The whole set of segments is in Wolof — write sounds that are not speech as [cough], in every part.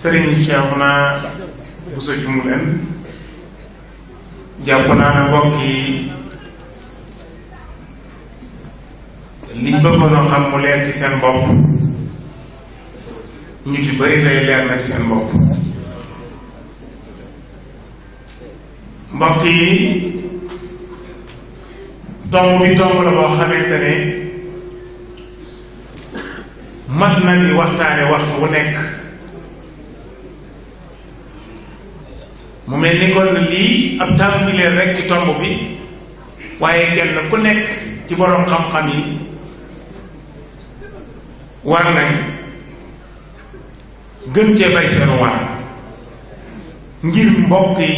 sëriñ Cheikhouna Bousso Dioumoulen jàpp naa ne mbokk yi liñ bëggoon xam mu leer ci seen bopp ñu ci bëri tey leer na ci seen bopp mbokk yi tomb bi tomb la boo xamante ne mat na di waxtaane waxtu bu nekk mu mel ni kon lii ab tàmbalee rek ci tomb bi waaye kenn ku nekk ci boroom xam-xam yi war nañ gën cee bay war ngir mbokk yi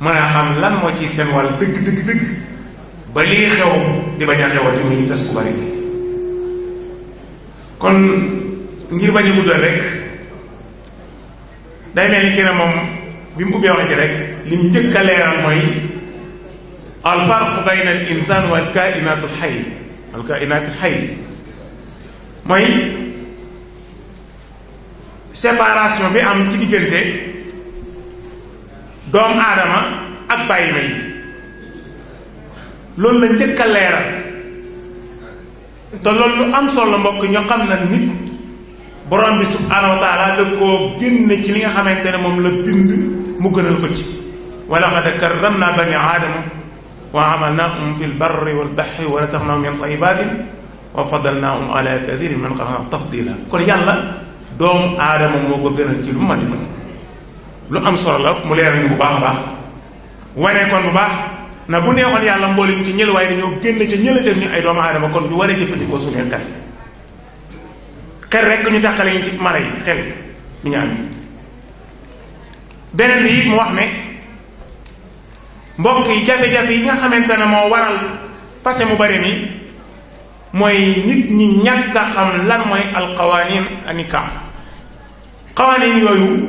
mën a xam lan moo ci seen wàll dëgg dëgg dëgg ba lii xew di bañ a xewati mu ñu tas bu bari kon ngir bañ a guddal rek day mel ni kii na moom bi mu ubbee wax ji rek li mu njëkk a leeral mooy al farq bayna al insaan wa al kaa'inaat xay al mooy séparation bi am ci diggante doomu aadama ak bàyyi ma loolu la njëkk a leeral te loolu am solo mbokk ñoo xam na nit borom bi subhaanahu wa taala koo génn ci li nga xamante ne moom la bind mu gënal ko ci wa laqad karramna bani aadama wa amalnaahum fi lbarri walbaxri wa razaqnaahum min tayibaatin wa faddalnaahum ala kathirin man xalaqnaa tafdila kon yàlla doomu aadama moo ko gënal ci lu ma di ko lu am solo la mu leer ñu bu baax a baax wanee kon bu baax na bu neexoon yàlla mboolem ci ñël waaye dañoo génn ca ñëla def ñu ay doomu aadama kon ñu war a jëfandikoo suñu xel xel rek ñu taxale ñu ci yi xel mi ñu beneen bi it mu wax ne mbokk yi jafe-jafe yi nga xamante ne moo waral passé mu bari mi mooy nit ñi ñàkk a xam lan mooy alqawanin anika qawanin yooyu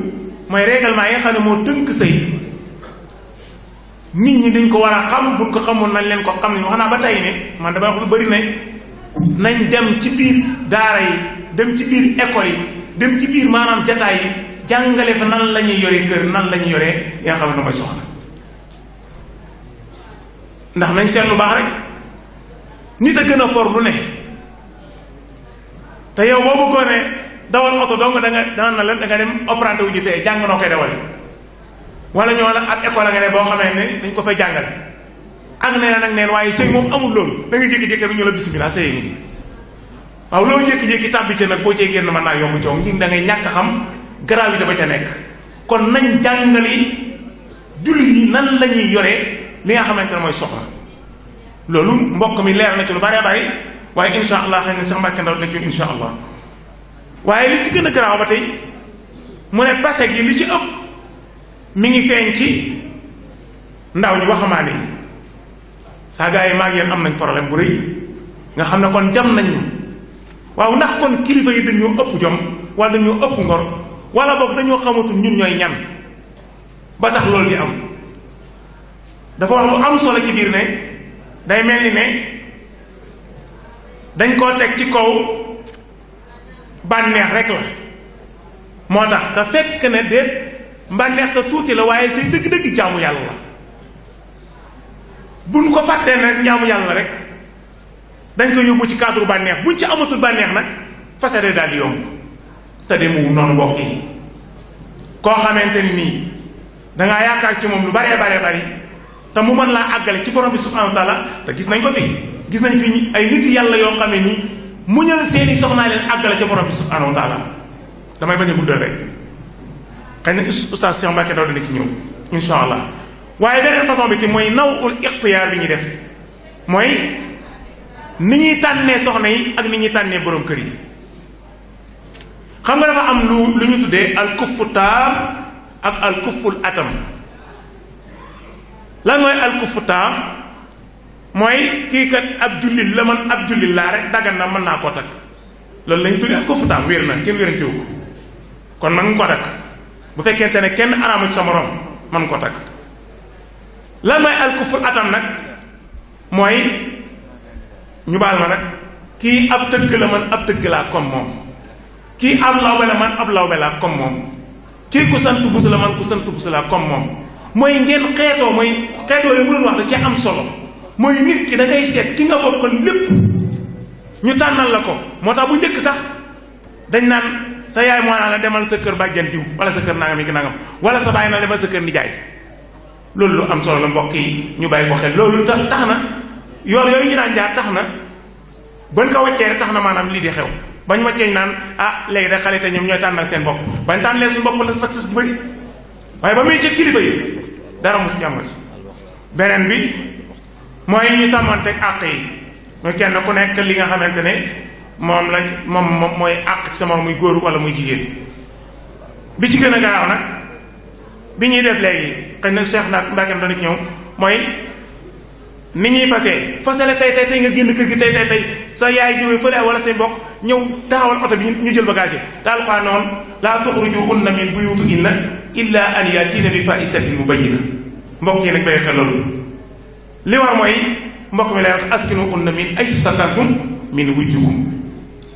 mooy règlement yi xam ne moo tënk sëy nit ñi dañ ko war a xam buñ ko xamul nañ leen ko xam ne wax naa ba tey ne man dama wax lu bëri ne nañ dem ci biir daara yi dem ci biir école yi dem ci biir maanaam jataay yi jàngale fa nan la ñuy yore kër nan la ñuy yore li xam ne mooy soxna ndax nañ seet lu baax rek nit a gën a for lu ne te yow boo bëggoo ne dawal oto dong da nga daan na leen da nga dem wu ji koy dawale ñoo la ak école boo xamee ne dañ ko fay jàngale ak nee nag neen waaye sëy moom amul loolu da nga jékki-jékki ñu la bisimilah sëy ngi nii waaw loolu jékki-jékki tàbbi ci nag boo cee génn mën naa yomb coow nji da ngay ñàkk xam gravité ba ca nekk kon nañ jàngali jullit yi nan lañuy ñuy li nga xamante ne mooy soxna loolu mbokk mi leer na ci lu bari waaye insha allah sax mbàkke ndaw la ci insha allah waaye li ci gën a garaaw ba ne gi ci ëpp mi ngi feeñ ci ndaw ñi waxamaane yi saa gaa am nañ problème bu rëy nga xam ne kon jam nañ waaw ndax kon kilifa yi dañoo ëpp jom wala dañoo ëpp ngor wala boog dañoo xamatul ñun ñooy ñan ba tax loolu di am dafa wax lu am solo ci biir ne day mel ni ne dañ koo teg ci kaw bànneex rek la moo tax te fekk ne déet mbànneex sa tuuti la waaye say dëgg-dëgg jàmm yàlla la buñ ko fàttee nag jaamu yàlla rek dañ ko yóbbu ci cadre bànneex bu ci amatul bànneex nag fasade daal di yomb te demewu noonu mbokk yi koo xamante ni nii dangaa yaakaar ci moom lu baree baree bari te mu mën laa àggale ci borom bi subhanahu wa te gis nañ ko fi gis nañ fi ay nit yàlla yoo xam ne nii muñal seeni soxnaa leen àggale ci borom bi subhanahu wa taala damay bañ a guddal rek xëy na oustaz Cheikh Mbacke daw dana ci ñëw insha allah waaye beneen façon bi ci mooy naw ul ixtiyaar bi ñuy def mooy ni ñuy tànnee soxna yi ak ni ñuy tànnee borom kër yi xam nga dafa am lu lu ñu tuddee alkuffu taam ak alkufful atam lan mooy alkuffu taam mooy kii kat ab jullit la man ab jullit laa rek daggan na mën naa koo takk loolu lañu tuddee alkuffu taam wér na kenn wérantewu kon man nga koo takk bu fekkente ne kenn araamu ci sa morom man koo takk lan mooy alkuful atam nag mooy ñu baal ma nag kii ab tëgg la man ab tëgg laa comme moom kii ab lawbe la man ab lawbe laa comme moom kii ku sant busa la man ku sant busa laa comme moom mooy ngeen xeetoo mooy xeetoo yi mu wax da cee am solo mooy nit ki da ngay seet ki nga bokkal lépp ñu tànnal la ko moo tax bu njëkk sax dañ naan sa yaay moo naan la demal sa kër bàjjan diw wala sa kër nangam yi ki nangam wala sa bàyyi na demal sa kër nijaay loolu lu am solo la mbokk yi ñu bàyyi ko xel loolu tax tax na yoon yooyu ñu daan jaar tax na ban ko wàccee tax na maanaam lii xew bañ ma ceeñ naan ah léegi da xale te ñoom ñooy tànnal seen bopp bañ tànnee suñu bopp la fa tas bëri waaye ba muy dara mus ci amati beneen bi mooy ñu sàmmanteeg àq yi muy kenn ku nekk li nga xamante ne moom lañ moom moom mooy àq ci sama muy góor wala muy jigéen bi ci gën a garaaw nag bi ñuy def léegi xëy na Cheikh naat Mbacke dana ñëw mooy ni ñuy fasee fasale tey tey tey nga génn kër sa yaay jiwee wala say mbokk ñëw taxawal oto bi ñu jël bagage yi daal xaa noonu laa tuxrujuhunna min buyutihinna illa an yatiina bi faahishatin mubayyina mbokk yi nag ko xel loolu li war mooy mbokk mi lay wax askinuhunna min aysu sakartum min wujjukum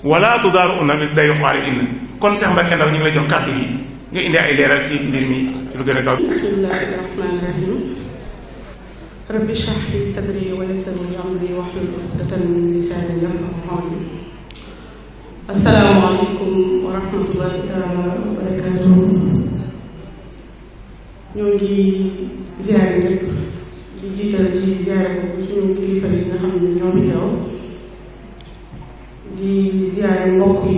wala tudaaruhunna dayyuqu alayhinna kon Cheikh Mbacke Ndao ñu ngi lay jox kàddu yi nga indi ay leeral ci mbir mi lu gën a kaw. bismillahi rahmani rahim rabbi shrah li sadri wa yassir li amri wahlul uqdatan min lisani asalaamaaleykum wa rahmatullahi taala wa barakaatu ñoo ngi ziare ñëpp di jiital ci ziare boobu suñu kilifa yi nga xam ne ñoo fi teew di ziare mbokk yi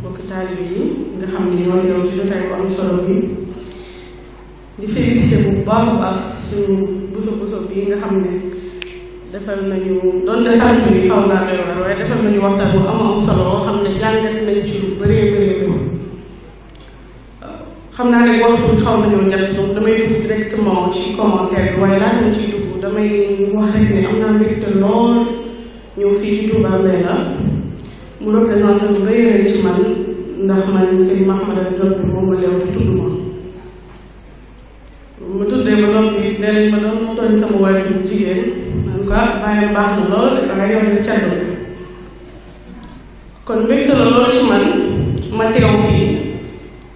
mbokki taalibe yi nga xam ne ñoo teew ci jotaay bu am solo bi di félicité bu baax a baax suñu bëso bëso bii nga xam defal nañu doon sax ñu xaw naa doy waar waaye defal nañu waxtaan bu am am solo boo xam ne jàngat nañ ci lu bëree bëree bëri xam naa ne waxtu bi xaw nañoo jot donc damay dugg directement ci commentaire bi waaye laa ñu ciy dugg damay wax rek ne am naa mbégte lool ñëw fii ci Touba Mbella mu représenté lu rëy rëy ci man ndax man sëñ Mahmadane Diop bi moom ma leew di tudd ma ma tuddee ma doon bi nee nañ ma doon doon sama waajur bu jigéen en tout cas baax na lool da nga yow di caddu kon mbégte la lool ci man ma teew fii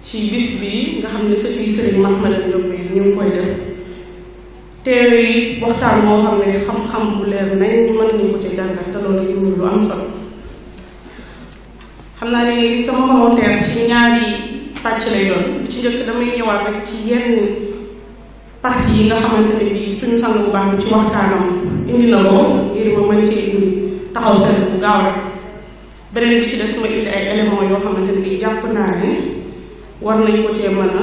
ci bis bi nga xam ne sëtu yi sëriñ Mahmadan Diop bi ñu koy def teew waxtaan boo xam ne xam-xam leer nañ mën nañu ko ci jàngal te loolu yi lu am solo xam naa ne sama commentaire ci ñaari pàcc lay ci njëkk damay ñëwaat rek ci yenn parti yi nga xamante ne bii suñu sang bu baax bi ci waxtaanam indi na ko ngir ma mën indi taxaw seen bu gaaw rek beneen ci def ma indi ay éléments yoo xamante ne bii jàpp naa ne nañ ko cee euh,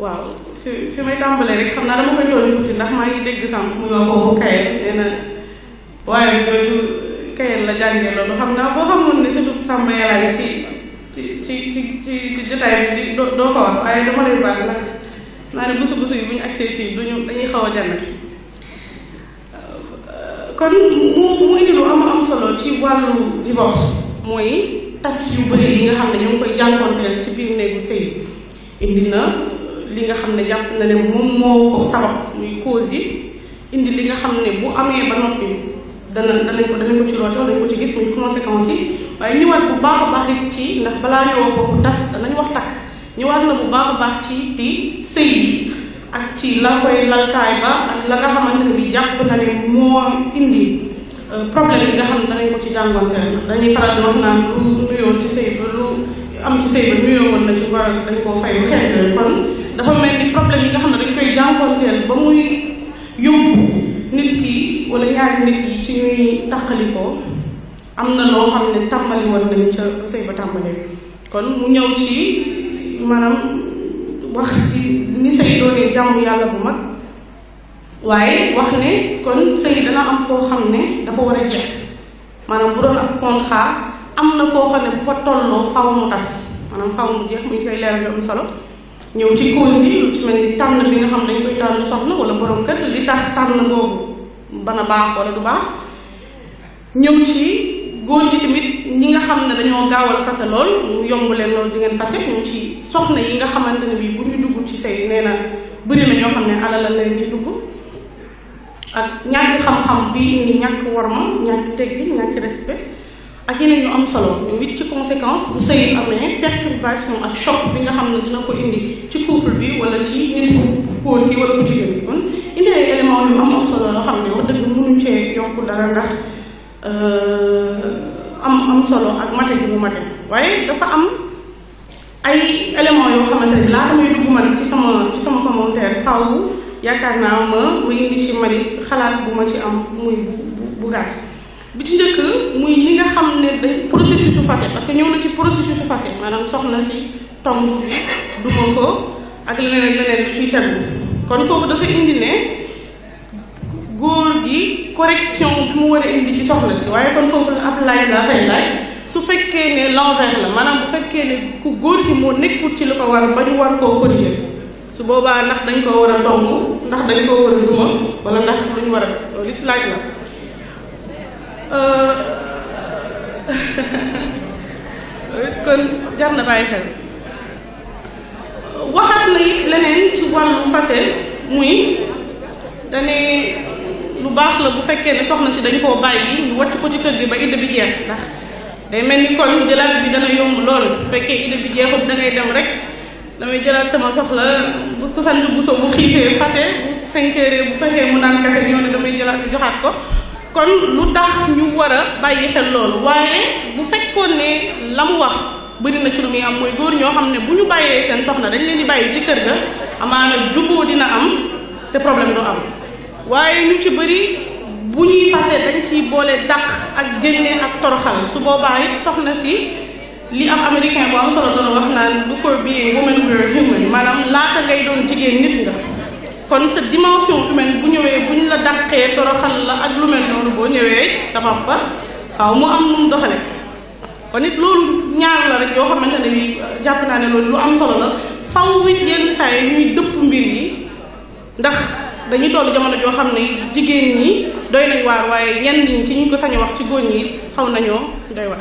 waaw fi fi may tàmbalee rek xam naa dama koy doon tuuti ndax maa ngi dégg sànq muy wax kooku kayel nee na waaye jooju kayel la jàngee loolu xam naa boo xamoon ne surtout sàmba yàlla ci ci ci ci ci ci jotaay bi di doo ko wax waaye dama leen baal ndax naa ne busu busu yi bu ñu agsee fii duñu dañuy xaw a jànn euh, kon mu mu indi lu am am solo ci wàllu divorce mooy tas yu bëri yi nga xam ne ñu ngi koy jànkonteel ci biir néegu sëy indi na li nga xam ne jàpp na ne moom moo ko sabab muy cause yi indi li nga xam ne bu amee ba noppi dana danañ ko danañ ko ci roote danañ waaye ñëwaat bu baax a baax it ci ndax balaa ñëwaat bu baax a baax ci di sëy yi ak ci la koy lalkaay ba la nga xamante ne bi jàpp na ne moo indi euh, problème yi nga xam ne danañ ko ci jàngonte ndax dañuy faral di wax naan lu nuyoo ci sëy ba lu am ci sëy ba nuyoo woon na ci war dañ koo fay lu xeet kon dafa mel ni problème yi nga xam ne dañ koy jàngonteel ba muy yóbbu nit ki wala ñaari nit yi ci ñuy tàqalikoo am na loo xam ne tàmbali woon nañu ca ba sëy ba tàmbalee kon mu ñëw ci maanaam wax ci ni sëy doonee jàmm yàlla bu mag waaye wax ne kon sëy dana am foo xam ne dafa war a jeex maanaam bu doon ab contrat am na foo xam ne bu fa tolloo faw mu tas maanaam faw mu jeex mu koy leeral yu am solo ñëw ci cause yi lu ci mel ni tànn bi nga xam dañ koy tànn soxna wala borom kër li tax tànn boobu bana baax wala du baax ñëw ci góor ñi tamit ñi nga xam ne dañoo gaawal fase lool mu yomb leen lool di ngeen fase ñu ci soxna yi nga xamante ne bii bu ñu dugg ci say nee na bëri na ñoo xam ne alal la leen ci dugg ak ñàkk xam-xam bi indi ñàkk worma ñàkk teggi ñàkk respect ak yeneen yu am solo ñu wit ci conséquence bu sëy amee perturbation ak choc bi nga xam ne dina ko indi ci couple bi wala ci nit ku góor gi wala ku jigéen bi kon indi ay élément yu am xam ne wax dëgg mënuñ cee yokk dara ndax euh, solo ak mate mu mate waaye dafa am ay éléments yoo xamante ne laata may dugg ci sama ci sama commentaire xaw yaakaar naa ma mu indi ci mari xalaat bu ma ci am muy bu bu gàtt bi ci njëkk muy ñi nga xam ne dañ processus su fase parce que ñëw na ci processus su fase maanaam soxna si tomb bi duma ko ak leneen leneen lu ciy tegu kon foofu dafa indi ne góor gi correction bi mu war a indi ci soxna si waaye kon foofu la ab laaj la fay laaj su fekkee ne l'envers la maanaam bu fekkee ne ku góor gi moo nekkul ci li ko war ba ñu war koo corriger su boobaa ndax dañ koo war a dong ndax dañ koo war a duma wala ndax luñ war a lit laaj la Euh, [laughs] kon jar na bàyyi xel waxaat na it leneen ci wàllu fase muy dane lu baax la bu fekkee ne soxna si dañu koo bàyyi ñu wàcc ko ci kër gi ba idda bi jeex ndax de mel ni kon jëlaat bi dana yomb lool bu fekkee idda bi jeexut da dem rek damay jëlaat sama soxla bu ko sant bu so bu xiifee fase bu cinq heures bu fexee mu naan kafe ñoo ne damay jëlaat bi joxaat ko kon lu tax ñu war a bàyyi xel loolu waaye bu fekkoon ne la mu wax bëri na ci lu muy am mooy góor ñoo xam ne bu ñu bàyyee seen soxna dañ leen di bàyyi ci kër ga amaana juboo dina am te problème du am waaye ñu ci bari bu ñuy fase dañ ci boole dàq ak génne ak toroxal su boobaa it soxna si li am américain bu am solo doon wax naan before being woman we're human maanaam laata ngay doon jigéen nit nga kon sa dimension humaine bu ñëwee bu ñu la dàqee toroxal la ak lu mel noonu boo ñëwee sabab ba xaw mu am nu mu doxale kon it loolu ñaar la rek yoo xamante ne bi jàpp naa ne loolu lu am solo la faw wi yenn saa mbir yi ndax dañuy toll jamono joo xam ne jigéen ñi doy nañ waar waaye ñenn ñi ci ñu ko sañ wax ci góor ñi xaw nañoo doy waar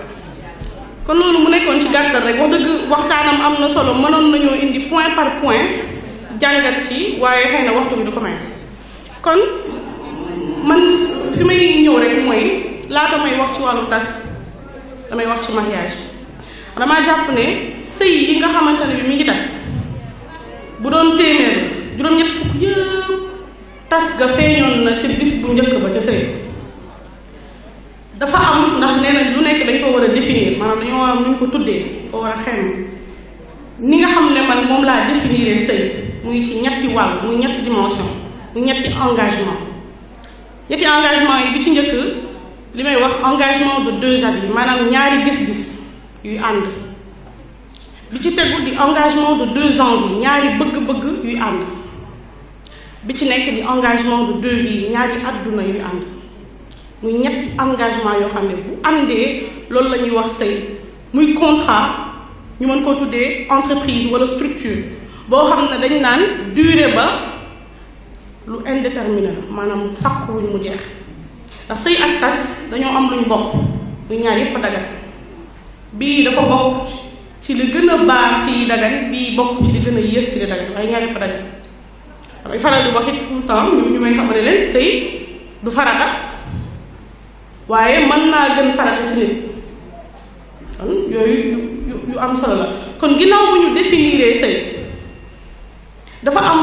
kon loolu mu nekkoon ci gàttal rek wax dëgg waxtaanam am na solo mënoon nañoo indi point par point jàngat ci waaye xëy na waxtu bi du ko may kon man fi may ñëw rek mooy laata may wax ci wàllum tas damay wax ci mariage damaa jàpp ne sëy yi nga xamante ne bi mi ngi tas bu doon téeméer juróom-ñett fukk yëpp tas ga feeñoon na ci bis bu njëkk ba ca sëy dafa am ndax nee na lu nekk dañ foo war a définir maanaam dañoo war a nuñ ko tuddee ko war a xem ni nga xam ne man moom laa définir sëy muy ci ñetti wàll muy ñetti dimension muy ñetti engagement ñetti engagement yi bi ci njëkk li may wax engagement de deux avis maanaam ñaari gis-gis yuy ànd bi ci tegu di engagement de deux envies ñaari bëgg-bëgg yuy ànd bi ci nekk di engagement de deux vies ñaari àdduna yuy ànd muy ñetti engagement yoo xam ne bu àndee loolu la ñuy wax sëy muy contrat ñu mën koo tuddee entreprise wala structure boo xam ne dañ naan durée ba lu indéterminé la maanaam sàkkuwuñ mu jeex ndax sëy ak tas dañoo am luñ bokk muy ñaar yépp dagan bii dafa bokk ci li gën a baax ci dagan bii bokk ci li gën a yées ci li dagan waaye ñaar yépp dagan damay faral di wax it tout le temps ñu ñu may xamale leen sëy du farata waaye mën naa gën farata ci nit kon yooyu yu yu am solo la kon ginnaaw bu ñu définiree sëy dafa am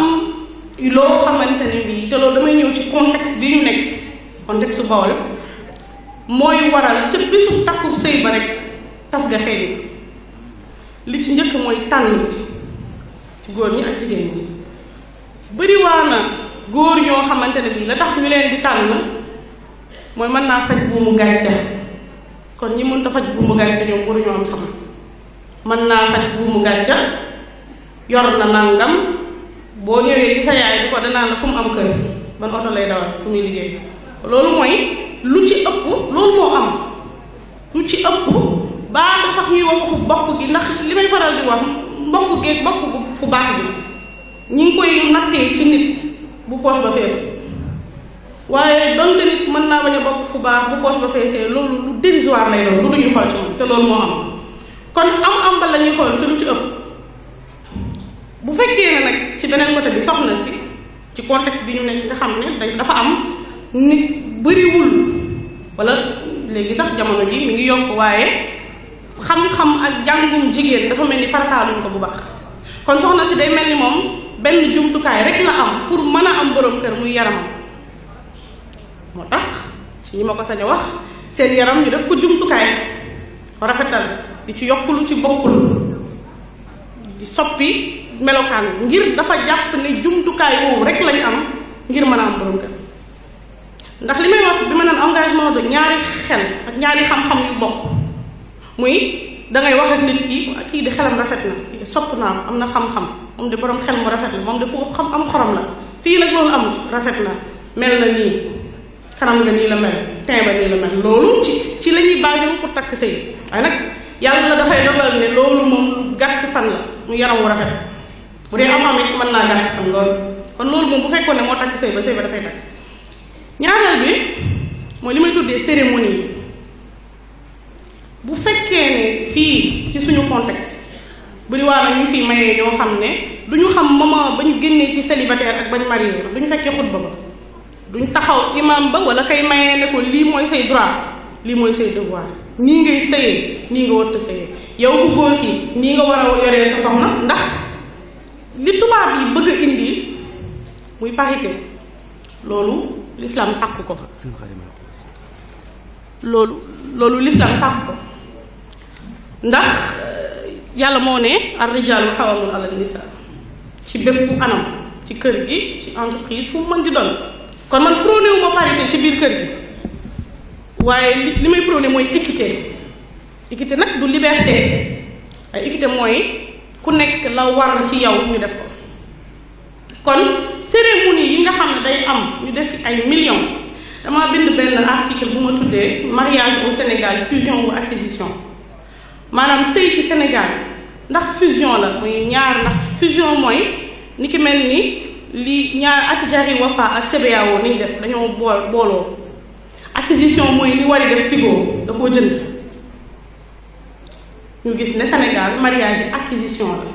loo xamante ne bii te loolu damay ñëw ci contexte bi ñu nekk contexte Bawol mooy waral ca bisu takku sëy ba rek tas ga xeeñ li ci njëkk mooy tànn bi ci góor ñi ak jigéen ñi bëriwaa na góor ñoo xamante ne bii la tax ñu leen di tànn mooy mën naa faj buumu gàncax kon ñi mënta faj buumu gàncax ñoom waruñoo am soxna mën naa faj buumu gàncax yor na nangam boo ñëwee li sa yaay di ko danaan la fu mu am kër ban oto lay dawal fu muy liggéey loolu mooy lu ci ëpp loolu moo am lu ci ëpp baa nga sax ñuy wax waxu bokk gi ndax li may faral di wax bokk geeg bokk gu fu baax bi ñi ngi koy nattee ci nit bu poche ba fees waaye de nit mën naa bañ a bokk fu baax bu poche ba feesee loolu lu dérisoire lay doon lu ñuy xool moo am kon am am ba la ñuy xool ci lu ci ëpp bu fekkee na nag ci beneen côté bi soxna si ci context bi ñu nekk nga xam ne dañ dafa am nit bëriwul walla léegi sax jamono ji mi ngi yokk waaye xam-xam ak jàngum jigéen dafa mel ni farataaluñ ko bu baax kon soxna si day mel ni moom benn jumtukaay rek la am pour mën a am borom kër muy yaramam moo tax ci ñi ma ko sañ a wax seen yaram ñu def ko jumtukaay rafetal di ci yokk ci bokkul di soppi melokaan ngir dafa jàpp ni jumtukaay woowu rek lañu am ngir mën a am borom kër ndax li may wax bi ma naan engagement de ñaari xel ak ñaari xam-xam yu bokk muy dangay wax ak nit ki kii di xelam rafet na kii sopp naa ko am na xam-xam moom de borom xel mu rafet la moom de ku xam am xorom la fii la loolu amul rafet na mel na nii kanam nga nii la mel teint ba nii la mel loolu ci ci la ñuy basé wu pour takk sëy waaye nag yàlla dafay dogal ne loolu moom lu gàtt fan la mu yaram wu rafet bu dee am xam it mën naa gàtt fan loolu kon loolu moom bu fekkoon ne moo takk sëy ba sëy ba dafay tas ñaareel bi mooy li may tuddee cérémonie yi bu fekkee ne fii ci suñu contexte bari waa na ñu fi mayee ñoo xam ne du ñu xam ma ba ñu génnee ci célibataire ak ba ñu marié du ñu fekkee xutba ba duñ taxaw imam ba wala kay mayee ne ko lii mooy say droit lii mooy say devoir nii ngay sëyee nii nga warta sëyee yow ku góor ki nii nga war a yoree sa soxna ndax li tubaab yi bëgg indi muy parité loolu lislaam sàkk ko loolu loolu lislaam sàkk ko ndax yàlla moo ne ar rijaalu xawamun ala nisa ci bépp anam ci kër gi ci entreprise fu mu mën di doon kon man prôné wu ma parité ci biir kër gi waaye li li may prôné mooy équité équité nag du liberté ay équité mooy ku nekk la war ci yow ñu def ko kon cérémonie yi nga xam ne day am ñu def ay million dama bind benn article bu ma tuddee mariage au Sénégal fusion ou acquisition maanaam sëy ci Sénégal ndax fusion la muy ñaar ndax fusion mooy ni ki mel ni li ñaar Attijariwafa ak CBAO ni ñu def dañoo bool booloo acquisition mooy li war yi def Tigo da koo jënd ñu gis ne Sénégal mariage yi acquisition la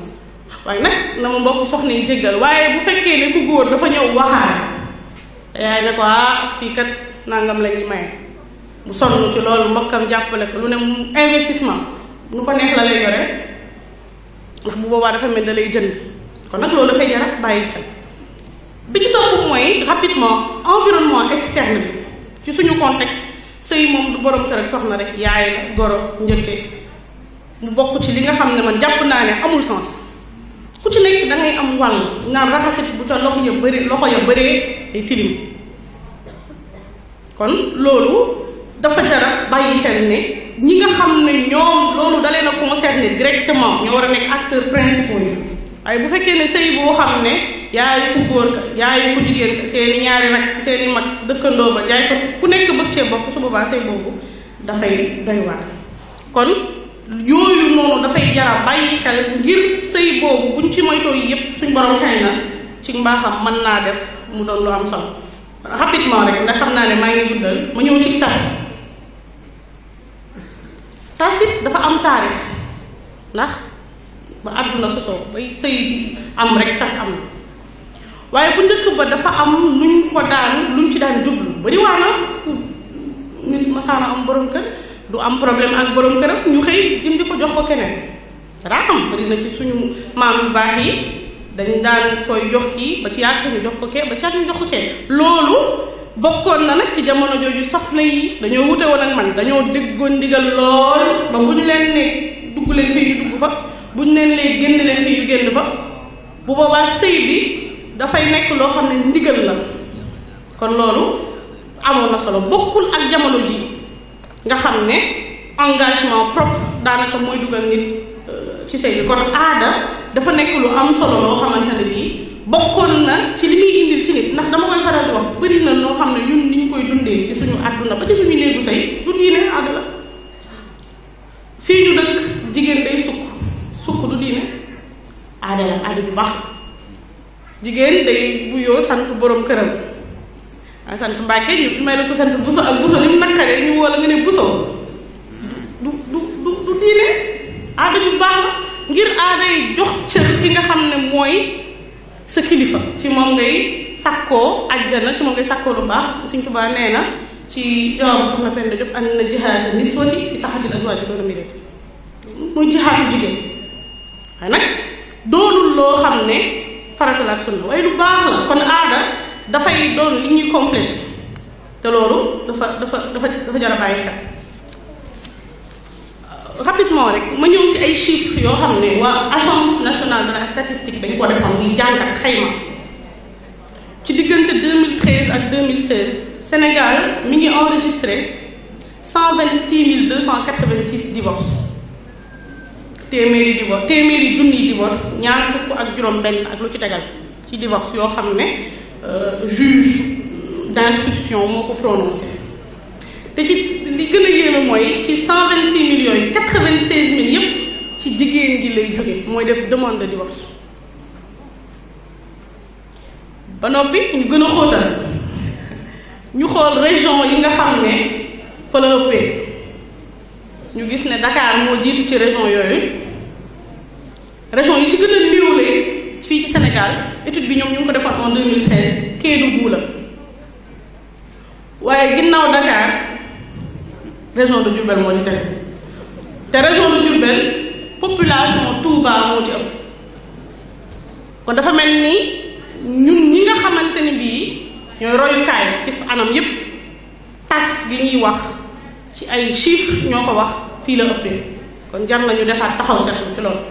waaye nag na ma mbokk soxna yi jéggal waaye bu fekkee ne ku góor dafa ñëw waxaale yaay ne ko ah fii kat nangam la ñuy maye mu sonn ci loolu mbokkam jàppale ko lu ne mu investissement nu ko neex la lay yore ndax bu boobaa dafa mel da lay jënd kon nag loolu dafay jar bàyyi xel bi ci topp mooy rapidement environnement externe bi ci suñu contexte sëy moom du borom kër ak soxna rek yaay goro njëkke mu bokk ci li nga xam ne man jàpp naa ne amul sens ku ci nekk da ngay am wàll naan raxasit bu ca loxo ya bëree loxo ya bëree ay tilim kon loolu dafa jara bàyyi xel ne ñi nga xam ne ñoom loolu da leen a concerné directement ñoo war a nekk acteur principal yi waaye bu fekkee ne sëy boo xam ne yaayu ku góor ka yaayu ku jigéen ka i ñaari nag seen i mag dëkkandoo ba jaay ko ku nekk bëgg cee bokk su boobaa say boobu dafay doy waar kon yooyu noonu dafay jara bàyyi xel ngir sëy boobu buñ ci moytoo yi yépp suñ borom xëy na ci mbaaxam man naa def mu doon lu am solo rapidement rek ndax xam naa ne maa ngi guddal ma ñëw ci tas tasit dafa am taarix ndax ba àdduna sosoo bay sëy am rek tas am waaye bu njëkk ba dafa am ñu ko daan luñ ci daan jublu bari waa na ku nit masaana am borom kër du am problème ak borom këram ñu xëy di ko jox ko keneen dara am na ci suñu maam yu baax yi dañ daan koy jox kii ba ci yàgg ñu jox ko kee ba ci yàgg jox ko kee loolu bokkoon na nag ci jamono jooju sax soxna yi dañoo wute woon ak man dañoo déggoon ndigal lool ba bu ñu leen ne dugg leen fii ñu dugg fa bu ñu leen lee génn leen fii ñu génn fa bu boobaa sëy bi dafay nekk loo xam ne ndigal la kon loolu amoon na solo bokkul ak jamono ji nga xam ne engagement propre daanaka mooy dugal nit euh, ci sëy bi kon aada dafa nekk lu am solo loo xam ne bii bokkoon na ci li muy indil ci nit ndax dama koy faral di bëri na loo xam ne ñun ni ñu koy dundee ci suñu àdduna ba ci suñu néegu sëy du diine aada la fii ñu dëkk jigéen day sukk sukk du diine aada la aada bu baax jigéen day buyoo sant borom këram waaye sant mbàkke ñu may la sant buso ak buso li mu nakkaree ñu woo nga ne buso du du du diine aada ju baax la ngir aada yi jox cër ki nga xam ne mooy sa kilifa ci moom ngay sàkkoo ajjana ci moom ngay sàkkoo lu baax Sëñ Tuubaa nee na ci jawaabu soxna Penda Diop an na jihaadu niswati fi taxatil azwaaji doona mi mooy jihaadu jigéen waaye nag doonul loo xam ne farata la ak sunna waaye lu baax la kon aada dafay doon li ñuy complété te loolu dafa dafa dafa dafa jar a bàyyi xel rapidement rek ma ñëw si ay chiffres yoo xam ne waa agence nationale de la statistique dañ ko defoon muy jàng ak ci diggante 2013 ak 2016 Sénégal mi ngi enregistré 126 286 divorces téeméeri divorce téeméeri junniy divorce ñaar fukk ak juróom-benn ak lu ci tegal ci divorce yoo xam ne euh, juge d'instruction moo ko prononcé te ci li gën a yéeme mooy ci cent vingt six mille yooyu quatre ci jigéen gi lay jóge mooy def demande de divorce ba noppi ñu gën a xóotal ñu xool région yi nga xam ne fa la ëppee ñu gis ne Dakar moo jiitu ci région yooyu région yi ci gën a néewlee fii ci Sénégal étude bi ñoom ñu ngi ko defoon en 2013 Kédougou la waaye ginnaaw Dakar région de Diourbel moo ci teg te région de Diourbel population Touba moo ci ëpp kon dafa mel ni ñun ñi nga xamante bii ñooy royukaay ci anam yëpp tas gi ñuy wax ci ay chiffres ñoo ko wax fii la ëppee kon jar nañu defaat taxaw seetlu ci loolu.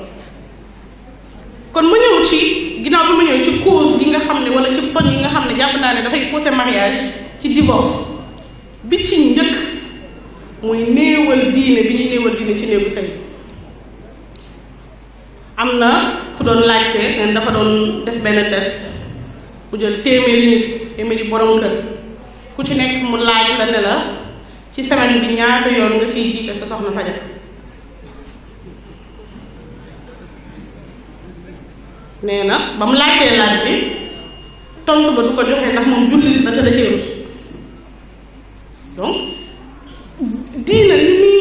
kon mu ñëw ci ginnaaw bi ma ñëw ci cause yi nga xam ne wala ci poñ yi nga xam ne jàpp naa ne dafay fausser mariage ci divorce bi ci njëkk muy néewal diine bi ñuy néewal diine ci néegu sëy am na ku doon laajte neen dafa doon def benn test bu jël téeméeri nit téeméeri borom kër ku ci nekk mu laaj la ne la ci semaine bi ñaata yoon nga ciy jiite sa soxna fajar nee na ba mu laajtee laaj bi tontu ba du ko joxee ndax moom jullit la te da cee rus donc diina ni muy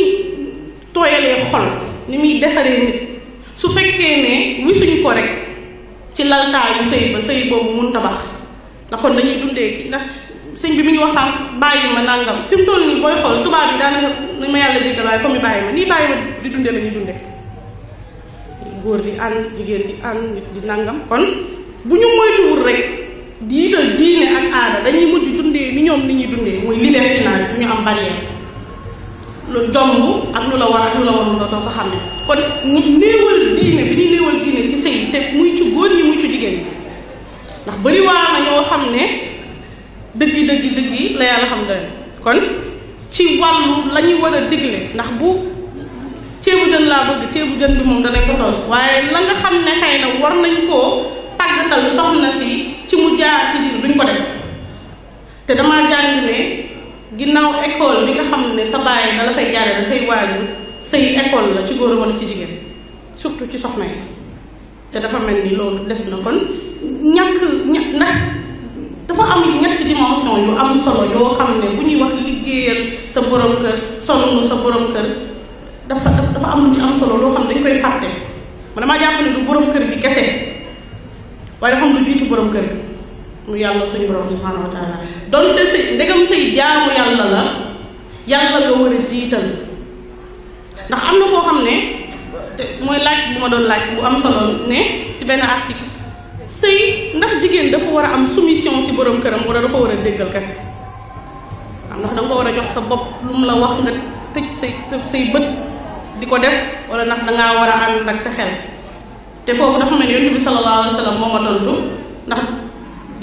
tooyalee xol ni muy defaree nit su fekkee ne wisuñ ko rek ci laltaayu sëy ba sëy boobu mun tabax ndax kon dañuy dundee ki ndax sëñ bi mi ngi wax sànq bàyyi ma nangam fi mu toll nii booy xool tubaab yi daanaka nañ ma yàlla jéggal waaye comme bàyyi ma nii bàyyi ma di dundee la ñuy dundee góor di ànd jigéen di ànd nit di nangam kon bu ñu moytuwul rek diital diine ak aada dañuy mujj dundee ni ñoom ni ñuy dundee mooy libertinage bu ñu am barrière lu jomb ak lu la war ak lu la warul doo xam ne kon néewal diine bi ñu néewal diine muy ci góor ñi muy ci jigéen ndax bari waa na ñoo xam ne dëggi dëggi dëggi la yàlla xam doy kon ci wàllu lañuy war a digle ndax bu ceebu jën laa bëgg ceebu jën bi moom danañ ko doon waaye la nga xam ne xëy na war nañ koo tàggatal soxna si ci mu jaar ci diir duñ ko def te damaa jàng ne ginnaaw école bi nga xam ne sa bàyyi dala fay jaare dafay waajur sëy école la ci góor wala ci jigéen surtout ci soxna yi te dafa mel ni loolu des na kon ñàkk ñàkk ndax dafa am ñetti dimension yu am solo yoo xam ne bu ñuy wax liggéeyal sa borom kër sonn sa borom kër dafa dafa am lu ci am solo loo xam dañ koy fàtte man damaa jàpp ne du borom kër gi kese waaye dafa am lu jiitu borom kër gi mu yàlla suñu borom subhanahu wa taala donte si ndegam say jaamu yàlla la yàlla nga war ndax am na koo xam ne te mooy laaj bu ma doon laaj bu am solo ne ci benn article sëy ndax jigéen dafa war a am soumission si borom këram wala dafa war a déggal kese am ndax da nga ko war a jox sa bopp lu mu la wax nga tëj say say bët di ko def wala ndax dangaa war a ànd ak sa xel te foofu dafa mel ni yonent bi sallallahu alayhi wa sallam moo ma tontu ndax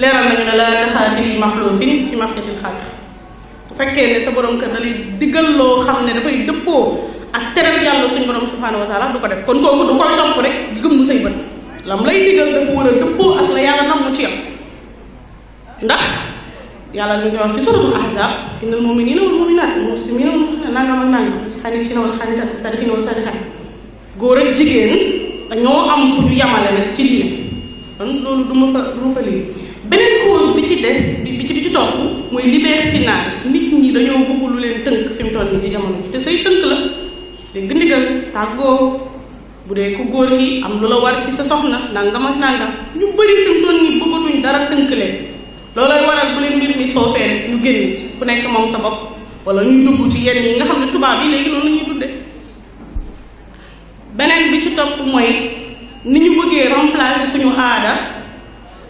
leeral nañu ne la ci maxluufin fi masiyatil xalq bu fekkee ne sa borom kër da lay diggal loo xam ne dafay dëppoo ak tereb yàlla suñu borom subhaanahu wa taala du ko def kon kooku du koy topp rek di gëm say bët lam lay diggal dafa war a dëppoo ak la yàlla nam mu ci yam ndax yàlla ñu ngi wax ci suratul ahzab innal muminina wal muminat wal muslimina wal muslimat nangam ak nangam xanitina wal xanitat ak sadixina wal sadixat góor dañoo am fu ñu yamale nag ci diine loolu du ma fa du ma fa lii beneen ci des bi ci bi ci topp mooy libertinage nit ñi dañoo bëgg lu leen tënk fi mu toll nii ci jamono ji te say tënk la dégg ndigal tàggoo bu dee ku góor ki am lu la war ci sa soxna nangam ak nangam ñu bëri fi mu toll nii dara tënk leen loolooy waral bu leen mbir mi soofee rek ñu génn ci ku nekk moom sa bopp wala ñuy dugg ci yenn yi nga xam ne tubaab yi léegi noonu la ñuy dundee beneen bi ci topp mooy ni ñu bëggee remplacer suñu aada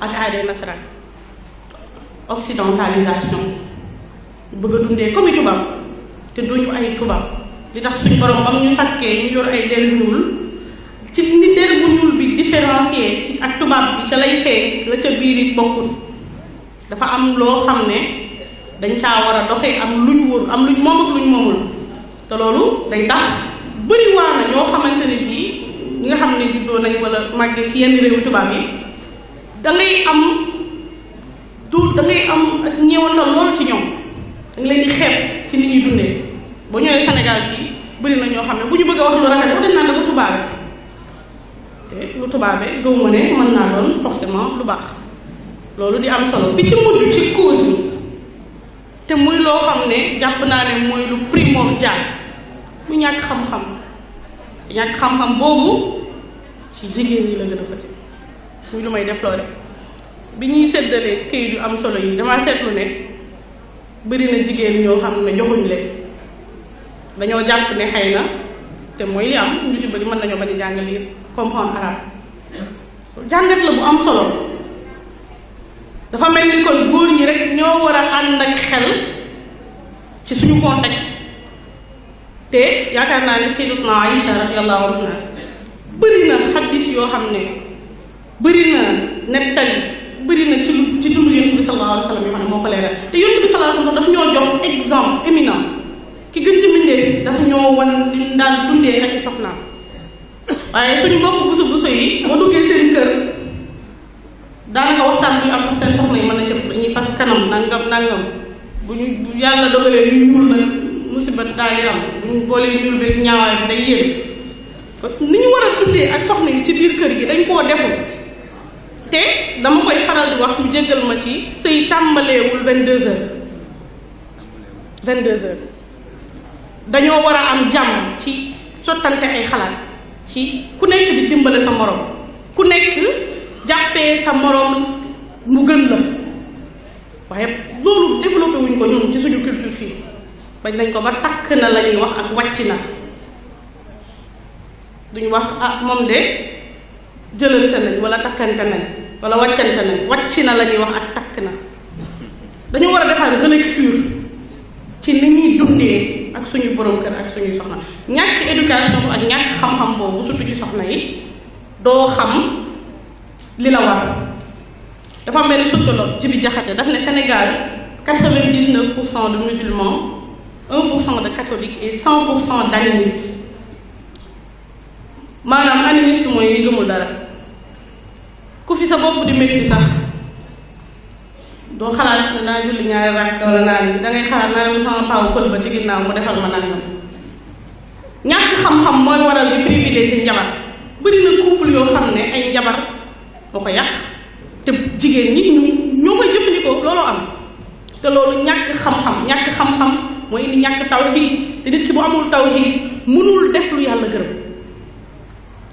ak aada nasaraan occidentalisation bëgg a dundee comme tubaab te duñu ay tubaab li tax suñu borom bam ñu sakkee ñu yor ay der ci ni der bu bi différencier ci ak tubaab bi ca lay fee la ca biir it bokkul dafa am loo xam ne dañ caa war a doxee am lu ñu wër am luñ moom ak luñ moomul te loolu day tax bëri waa na ñoo xamante ne bii ñi nga xam ne juddoo nañ wala màggee ci yenn réewu tubaab yi da ngay am du da ngay am ak ñeewantal loolu ci ñoom da nga leen di xeeb ci nit ñuy dundee boo ñëwee Sénégal fii bëri na ñoo xam ne bu ñu bëgg wax lu rafet wax dañ naan la ko tubaabe te lu tubaabe gëw ma ne mën naa doon forcément lu baax loolu di am solo bi ci mujj ci cause yi te muy loo xam ne jàpp naa ne mooy lu primordial bu ñàkk xam-xam ñàkk xam-xam boobu ci jigéen ñi la gën a fase muy lu may déplorer bi ñuy seddalee këyit yu am solo yi damaa seetlu ne bëri na jigéen ñoo xam ne joxuñ leen dañoo jàpp ne xëy na te mooy li am ñu ci bëri mën nañoo bañ a jàngal yi comprendre arabe jàngat la bu am solo. dafa mel ni kon góor ñi rek ñoo war a ànd ak xel ci suñu contexte te yaakaar naa ne sayyidatuna Aïcha radiyallahu anha bëri na xaddis yoo xam ne bëri na nettali bëri na ci lu ci dundu yonent bi sallallahu alayhi wa sallam moo ko leeral te yonent bi sallallahu alayhi wa sallam dafa ñoo jox exemple éminent ki gën ci mbindeef dafa ñoo wan li mu daan dundee ak soxnaam waaye suñu mbokku bu su bu yi moo duggee seen kër. daanaka waxtaan bi am sax seen soxla yi mën na ca dañuy fas kanam nangam nangam bu ñu bu yàlla dogalee ñu ñuul na musiba daal di am bu ñu boolee ñuul beeg ñaawaay bi day yéen ni ñu war a dundee ak soxna yi ci biir kër gi dañ koo deful te dama koy faral di wax ñu jéggal ma ci sëy tàmbaleewul vingt deux heures vingt deux heures dañoo war a am jàmm ci sottante ay xalaat ci ku nekk di dimbale sa morom ku nekk jàppee sa moroom mu gën la waaye loolu développé wuñ ko ñun ci suñu culture fii bañ nañ ko ba takk na lañuy wax ak wàcc na duñ wax ah moom de jëlante nañ wala takkante nañ wala wàccante nañ wàcc na la ñuy wax ak takk na dañu war a defar relecture ci ni ñuy dundee ak suñu borom kër ak suñuy soxna ñàkk éducation ak ñàkk xam-xam boobu surtout ci soxna yi doo xam li la war dafa am benn sociologue Djibi Diakhaté daf ne Sénégal 99 pour cent de musulmans 1 pour cent de catholiques et 100 pour cent d'animistes maanaam animiste mooy ñi gëmul dara ku fi sa bopp di métti sax doo xalaat naa julli ñaari ràkk wala naa yi da ngay xalaat naa dem sama ba ci ginnaaw mu defal ma nangam ñàkk xam-xam mooy waral di privilégié njabar bëri na couple yoo xam ne ay njabar. moo ko yàq te jigéen ñi ñu ñoo koy jëfandikoo looloo am te loolu ñàkk xam-xam ñàkk xam-xam mooy indi ñàkk tawhid te nit ki bu amul taw tawhid mënul def lu yàlla gërëm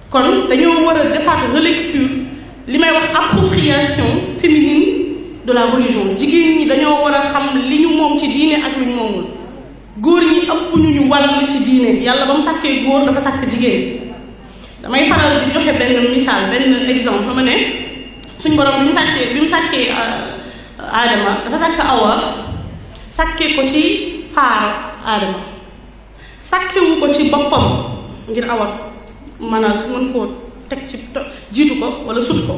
kon dañoo war a defaat relecture li may wax appropriation féminine de la religion jigéen ñi dañoo war a xam li ñu moom ci diine ak lu ñu moomul góor ñi ëpp ñu ñu wàll ci diine yàlla ba mu sàkkee góor dafa sàkk jigéen ñi damay faral di joxe benn misaal benn exemple ma ne suñ borom bi mu sàccee bi mu sàccee aadama euh, dafa sàkk awa sàkkee ko ci faar aadama sàkkewu ko ci teg ci jiitu ko wala sut ko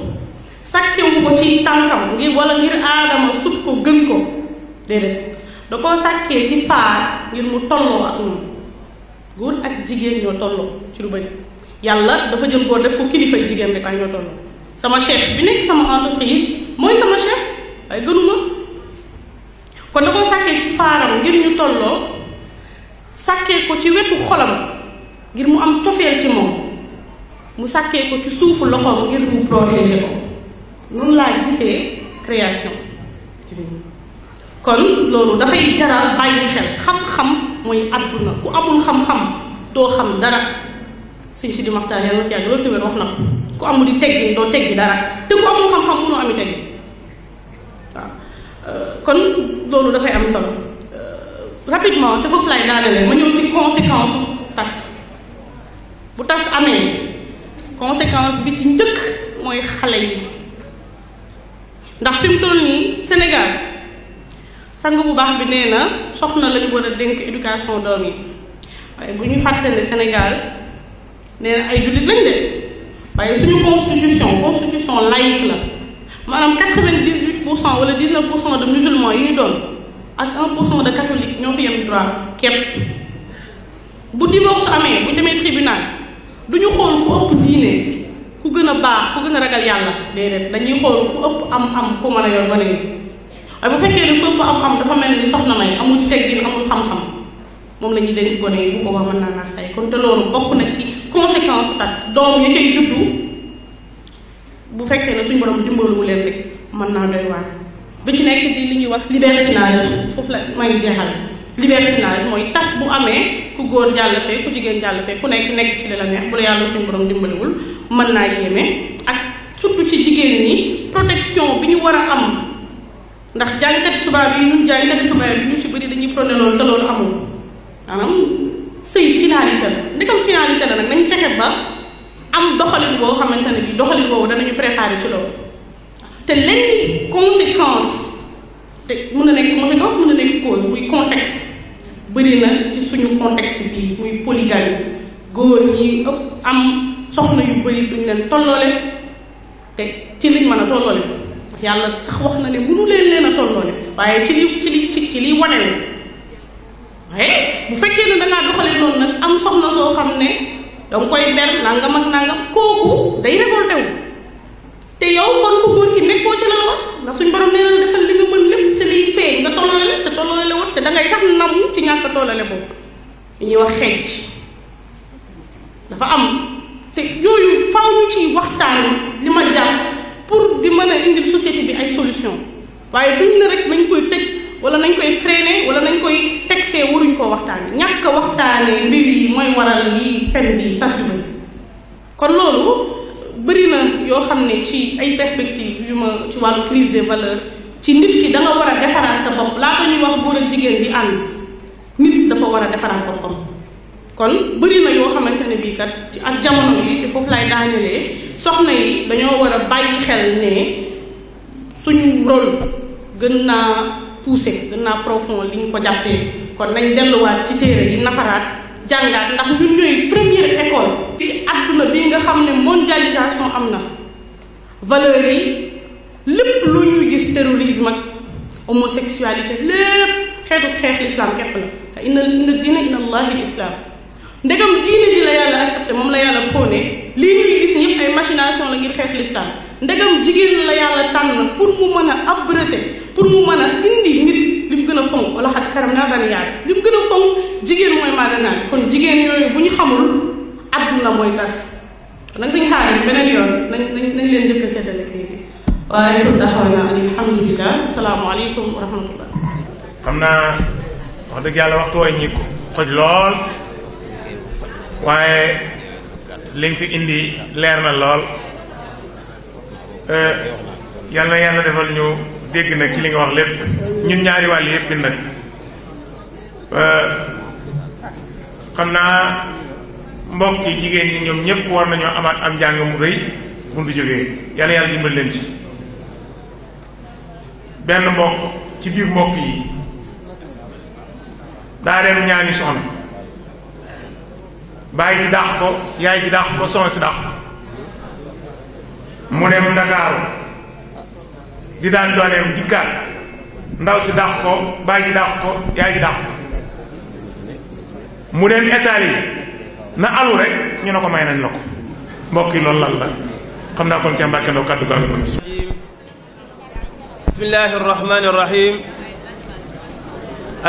sàkkewu tànkam ngir wala ngir aadama sut ko gën ko déedéet da koo sàkkee ci faar ngir mu tolloo ak moom góor ak jigéen ñoo tolloo ci lu bëri yàlla dafa jël góor def ko kilifa jigéen rek ay ñoo tolloo sama chef bi nekk sama entreprise mooy sama chef waaye gënuma kon da koo sàkkee ci faaram ngir ñu tolloo sàkkee ko ci wetu xolam ngir mu am cofeel ci moom mu ko ci suufu loxoom ngir mu protéger laa gisee création kon loolu dafay jaral bàyyi xel xam-xam mooy àdduna ku amul xam-xam doo xam dara si si di maxtaar yàlla na fi yàgg loolu tamit wax na ko ku amul di teggi doo teggi dara te ku amul xam-xam mënoo ami teggi waaw euh, kon loolu dafay am solo euh, rapidement te foofu laay daanale ma ñëw si conséquence tas bu tas amee conséquence bi ci njëkk mooy xale yi ndax fi mu toll nii Sénégal sang bu baax bi nee na soxna lañu war a dénk éducation doom yi waaye bu ñuy fàttali Sénégal nee na ay jullit lañ de waaye suñu constitution constitution laïque la maanaam quatre-vingt-dix-huit pour cent wala dix-neuf pour cent de musulmans yi ñu doon ak un pour cent de catholiques ñoo fi yem droit képp bu divorce amee bu demee tribunal du ñu xool ku ëpp diine ku gën a baax ku gën a ragal yàlla déedéet dañuy xool ku ëpp am-am ku mën a yor gone yi waaye bu fekkee ne ku ëpp am-am dafa mel ni soxna may amul ci teggin amul xam-xam. moom la ñuy dénk gone yi bu boobaa mën naa naax say kon te loolu bokk na ci conséquence tas doom yi koy juddu bu fekkee ne suñu borom dimbaluwu leen rek mën naa doy waar bu ci nekk di li ñuy wax libertinage foofu la maa ngi jeexal libertinage mooy tas bu amee ku góor jàll fee ku jigéen jàll fee ku nekk nekk ci li la neex bu la yàlla suñu borom dimbaliwul mën naa yéeme ak surtout ci jigéen ñi protection bi ñu war a am ndax jàngkati tubaab yi ñun jàngkati tubaab yi ñu ci bëri dañuy prôné loolu te loolu amul maanaam sëy finalité la ndekam finalité nag nañ fexe ba am doxalin boo xamante ne bi doxalin boobu danañu préparer ci loolu te lenn conséquence te mën na nekk conséquence mën na nekk cause muy contexte bëri na ci suñu contexte bi muy polygamie góor ñi ëpp am soxna yu bëri duñ leen tolloole te ci liñ mën a tolloole yàlla sax wax na ne mënu leen leen a tolloole waaye ci li ci li ci li wane waaye eh? bu fekkee ne dangaa doxale noonu nag am soxna soo xam ne danga koy ber nangam ak nangam kooku day révolté wu te yow kon ku góor ki nekkoo ci la la ndax suñ borom nee na defal li nga mën lépp ci liy feeñ nga tolloole te tolloole wut te dangay sax namu ci ñàkk tolloole boobu dañuy wax xeej dafa am te yooyu faaw ñu ciy waxtaan li ma jàpp pour di mën a indil société bi ay solution waaye duñ ne rek nañ koy tëj wala nañ koy freiner wala nañ koy fekkee waruñ koo waxtaan ñàkk waxtaane mbir yi mooy waral lii thème bi tas bi kon loolu bëri na yoo xam ne ci ay perspectives yu ma ci wàllu crise des valeurs ci nit ki da nga war a defaraat sa bopp laata ñuy wax góor ak jigéen bi ànd nit dafa war a defaraat boppam kon bëri na yoo xamante ne bii kat ci ak jamono yi te foofu lay daanelee soxna yi dañoo war a bàyyi xel ne suñu rôle gën naa poussé gën naa profond li ñu ko jàppee kon nañ delluwaat ci téere yi nafaraat jàngaat ndax ñun ñooy première école ci àdduna bi nga xam ne mondialisation am na valeurs yi lépp lu ñuy gis terrorisme ak homosexualité lépp xeetu xeex lislaam képp la te inna inna diina inna lislaam ndegam diine ji la yàlla accepté moom la yàlla prôné lii ñuy gis ñëpp ay machination la ngir xeex lislaam ndegam jigéen la yàlla tànn pour mu mën a abreuté pour mu mën a indi nit li mu gën a fonk wala xat karam naa bani yaay li mu gën a fonk jigéen mooy maaganaan kon jigéen yooyu bu ñu xamul àdduna mooy tas kon nag suñu xaar beneen yoon nañ nañ nañ leen njëkk a seddale kay bi waaye tur daxawana alhamdulilah salaamaaleykum xam naa wax dëgg yàlla waxtu waaye li fi indi leer na lool euh, yal na yàlla defal ñu dégg nag ci li nga wax lépp ñun ñaari wàll yépp nag euh, xam naa mbokk yi jigéen yi ñoom ñépp war nañoo amaat am njàng mu rëy bu ñu jógee yal na yàlla dimbal leen ci benn mbokk ci biir mbokk yi daa dem ñaani soxna bàyyi ji daax ko yaay ji dàq ko soxna si dàq ko mu dem ndakaaru di daan dooleem dikkaat ndaw si dàq ko bàyyi ji dàq ko yaay ji dàq ko mu dem Italie na alu rek ñu ne ko may nañ la ko yi loolu lan la xam naa ko seen mbàkke ndaw kàddu gaa ngi doon bismillahi rahmani rahim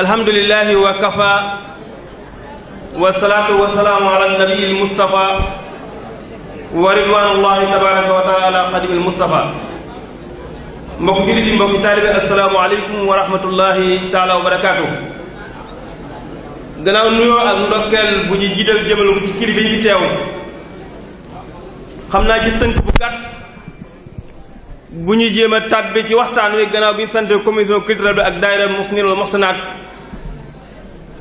alhamdulillahi wa kafa wasalaatu wasalaamu ala nabii il Moustapha wa ridwanullahi tabaraka wa taala ala xadim il Moustapha mbokk jullit yi mbokk taalibe aleykum wa rahmatullahi taala wa barakaatu. gannaaw nuyoo ak ndokkeel bu ñuy jiital jëmal ko ci kilifa yi fi xam naa ci tënk bu gàtt bu ñu jéem a tàbbi ci waxtaan wi gannaaw bi ñu sante commission culturelle bi ak daayira Muhsinina wal Muhsinaat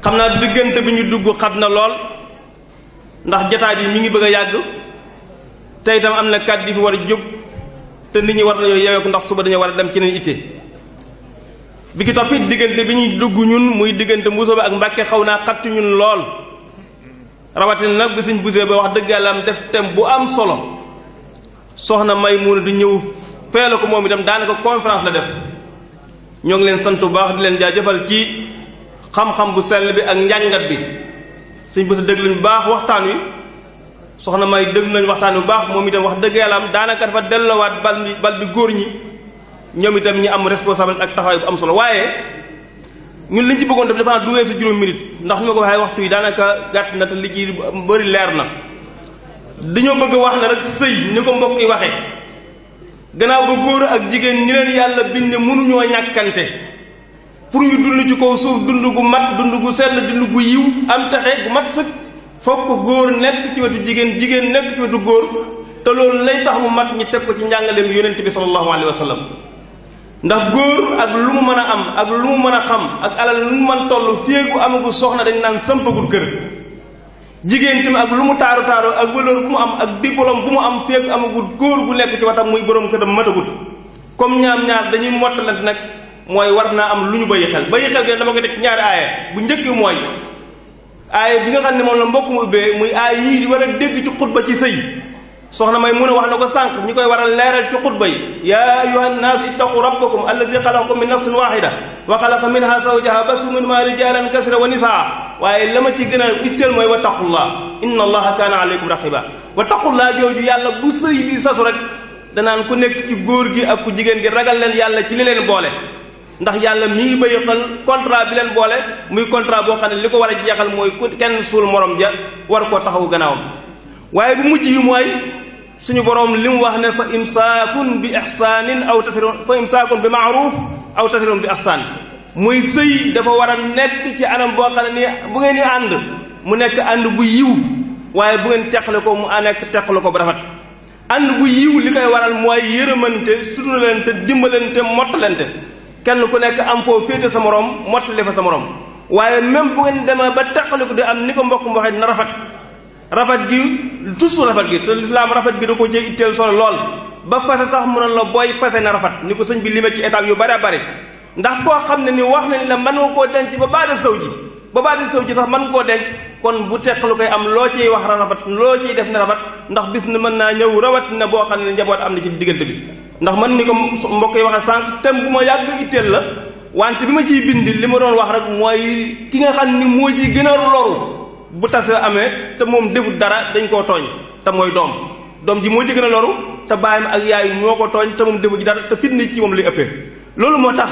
xam naa diggante bi ñu dugg xat na lool ndax jataay yi mi ngi bëgg a yàgg te itam am na kàddu yi fi war a jóg te nit ñi war nañoo yeewee ko ndax suba dañoo war a dem ci neen itte bi ki topp diggante bi ñuy dugg ñun muy diggante Mbuso bi ak Mbàkke xaw naa xat ci ñun lool rawatina nag bi suñ busee ba wax dëgg yàlla am def thème bu am solo soxna Maymuna di ñëw feela ko moom itam daanaka conférence la def ñoo ngi leen sant bu baax di leen jaajëfal ci xam-xam bu sell bi ak njàngat bi suñ bés dëgg lañ baax waxtaan wi soxna may dëgg nañ waxtaan bu baax moom itam wax dëgg yàlla am daanaka dafa delloowaat bal bi góor ñi ñoom itam ñi am responsabilité ak taxawaay bu am solo waaye ñun liñ ci bëggoon def dafa du si juróom minute ndax ñu ma ko waxee waxtu yi daanaka gàtt na te li ci bëri leer na dañoo bëgg wax ne rek sëy ñu ko mbokk yi waxee gannaaw ba góor ak jigéen ñi leen yàlla bind mënuñoo ñàkkante pour ñu dund ci kaw suuf dund gu mat dund gu sell dund gu yiw am taxe gu mat sëkk fokk góor nekk ci wetu jigéen jigéen nekk ci wetu góor te loolu lay tax mu mat ñu teg ko ci njàngaleem yonent bi sallallahu alayhi wa sallam ndax góor ak lu mu mën a am ak lu mu mën a xam ak alal lu mu mën toll féegu amagu soxna dañ naan sampagul kër jigéen tamit ak lu mu taaru taaru ak valeur bu mu am ak diplôme bu mu am féegu amagu góor gu nekk ci watam muy borom këram matagul comme ñaam ñaar dañuy mottalante mooy war na am lu ñu bàyyi xel bàyyi xel gi dama ko def ñaari aaya bu njëkk mooy aaya bi nga xam ne moom la mbokk mu ubbee muy aaya yii di war a dégg ci xutba ci sëy soxna may mun a wax na ko sànq ñi koy war a leeral ci xutba yi ya ayuha nnaasu ittaqu rabbakum allazi xalaqakum min nafsin waxida wa xalaqa minha zawjaha basu minhuma rijalan kasira wa nisaa waaye la ma ci gën a itteel mooy wa taqullah inna allaha kaana aleykum raqiba wa taqullah jooju yàlla bu sëy bi sasu rek danaan ku nekk ci góor gi ak ku jigéen gi ragal leen yàlla ci li leen boole ndax yàlla mi ngi bëyëqal contrat bi leen boole muy contrat boo xam ne li ko war a jeexal mooy ku kenn suul morom ja war ko taxaw gannaawam waaye bu mujj yi mooy suñu borom li mu wax ne fa imsaakun bi ihsaanin aw tasirun fa imsaakun bi maaruuf aw tasirun bi ihsaan muy sëy dafa war a nekk ci anam boo xam ne ni bu ngeen di ànd mu nekk ànd bu yiw waaye bu ngeen teqale ko mu nekk teqale ko bu rafet ànd bu yiw li koy waral mooy yërëmante suturalante dimbalante mottalante kenn ku nekk am foo féete sa moroom mottali fa sa morom waaye même bu ngeen demee ba teqaliku di am ni ko mbokk mu waxee na rafet rafet gi toujours rafet gi te lislaam rafet gi da ko cee itteel solo lool ba fase sax mënoon la booy fase na rafet ni ko sëñ bi limee ci étape yu bare bare ndax koo xam ne ni wax nañ la mën nga koo denc ba baada sëw ji ba baati sow ji sax mën koo denc kon bu teq lu koy am loo ciy wax rafet loo ciy def na rafet ndax bis na mën naa ñëw rawat na boo xam ne njaboot am na ci diggante bi ndax man ni ko mbokk yi waxee sànq thème bu ma yàgg itteel la wante bi ma ciy bind li ma doon wax rek mooy ki nga xam ni moo ciy gën a loru bu tasee amee te moom defut dara dañ koo tooñ te mooy doom doom ji moo ci gën a loru te bàyyam ak yaay ñoo ko tooñ te moom defu ji dara te fitna ci moom lay ëppee loolu moo tax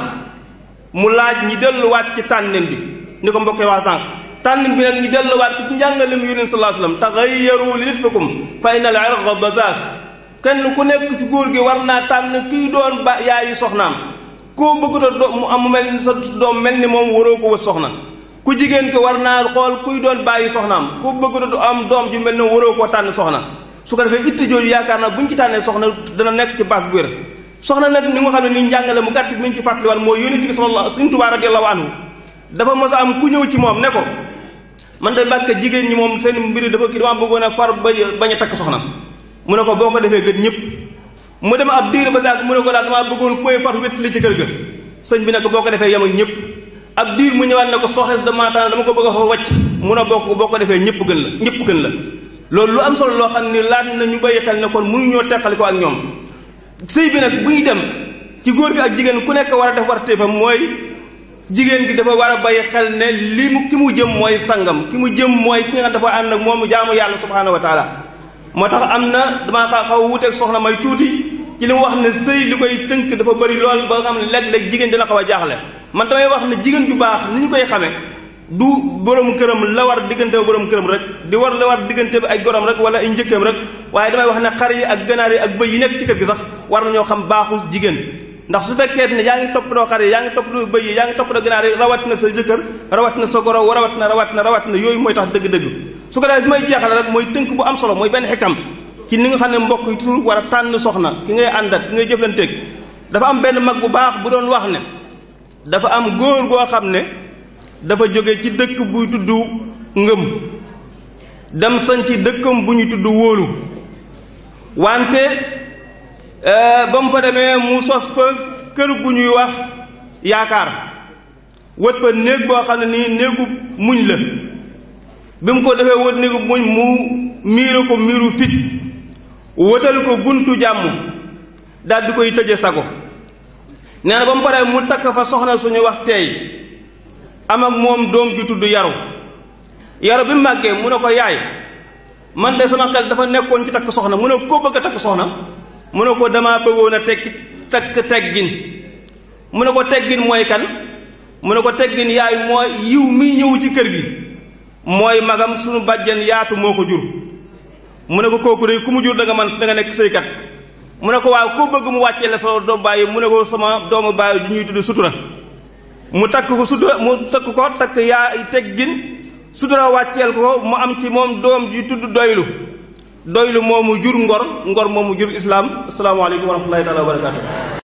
mu laaj ñi delluwaat ci tànnin bi ni ko mbokkee wax sànq tànnin bi nag ñi delluwaat ci njàngalem yonent sallallahu alayhi wasallam taxayyaru li nitfikum fa inal irqa dazaas kenn ku nekk ci góor gi war naa tànn kii doon ba soxnaam koo bëgguta do mu am mel ni sa doom mel ni moom waroo ko wës soxna ku jigéen ki war naa xool kuy doon bàyyi soxnaam ku bëgg du am doom ju mel ne waroo koo tànn soxna su ko defee itti jooju yaakaar naa guñ ci tànn soxna dana nekk ci baax bu soxna nag ni nga xam ne ni njàngale mu gàtt bi mu ci fàttaliwaat mooy yónent bi sallallahu Sëriñ Tuubaa radiyallahu anhu dafa mos a am ku ñëw ci moom ne ko man de Mbàkke jigéen ñi moom seen mbir dafa kii dama bëggoon a far ba bañ a takk soxna mu ne ko boo ko defee gën ñëpp mu dem ab diir ba daal mu ne ko daal dama bëggoon koy far wéttali ci kër ga sëñ bi boo ko defee yem ak ñëpp ab diir mu ñëwaat ne ko soxna dama taan dama ko bëgg a fa wàcc mu ne bokk boo ko defee ñëpp gën la ñëpp gën la loolu lu am solo loo xam ne laaj na ñu bay xel ne kon mënuñoo teqali ko ak ñoom sëy bi nag bu ñu dem ci góor gi ak jigéen ku nekk war a def war téefam mooy jigéen gi dafa war a bàyyi xel ne li mu ki mu jëm mooy sangam ki mu jëm mooy ki nga xam dafa ànd ak moom jaamu yàlla subhaanahu wa taala moo tax am na damaa xaw xaw wuuteeg soxna may tuuti ci li mu wax ne sëy li koy tënk dafa bari lool ba nga xam ne léeg jigéen dina xaw a jaaxle man damay wax ne jigéen ju baax ni ñu koy xamee du borom këram la war diggante borom këram rek di war la war diggante bi ay gorom rek wala ay njëkkam rek waaye damay wax ne xar yi ak ganaar yi ak bëy yi nekk ci kër gi sax war nañoo xam baaxu jigéen ndax su fekkee ne yaa ngi toppatoo xar yi yaa ngi toppatoo bëy yi yaa ngi toppatoo ganaar yi rawat na sa jëkkër rawat na sa goro rawat na rawat na rawat na yooyu mooy tax dëgg-dëgg su ko defee bi may jeexal rek mooy tënk bu am solo mooy benn xikam ci ni nga xam ne mbokk yi toujours war a tànn soxna ki ngay àndat ki ngay jëflanteeg dafa am benn mag bu baax bu doon wax ne dafa am góor goo xam ne dafa jóge ci dëkk buy tudd ngëm dem sañ ci dëkkam bu ñu tudd wóolu wante euh, ba mu fa demee mu sos fa kër gu ñuy wax yaakaar wët fa néeg boo xam ne nii néegub muñ la bi mu ko defee wët néegub muñ mu miire ko miiru fit wëtal ko guntu jàmm daal di koy tëje sago nee na ba mu paree mu takk fa soxna suñu wax teey am ak moom doom ju tudd yaru yaru bi màggee mu ne ko yaay man de sama xel dafa nekkoon ci takk soxna mu ne koo bëgg a takk soxna mu ne ko damaa bëggoon a tekki takk teggin mu ne ko teggin mooy kan mu ne ko teggin yaay mooy yiw mi ñëw ci kër gi mooy magam sunu bàjjen yaatu moo ko jur mu ne ko kooku de ku mu jur danga man da nga nekk sëykat mu ne ko waaw koo bëgg mu wàccee la sa doom bàyyi mu ne ko sama doomu bàyyi ju ñuy tudd sutura mu takk ko sutura mu takk ko takk yaa teggin sutura wàcceel ko mu am ci moom doom ji tudd doylu doylu moo mu jur ngor ngor moo mu jur islaam asalaamaaleykum wa rahmatullahi taala wa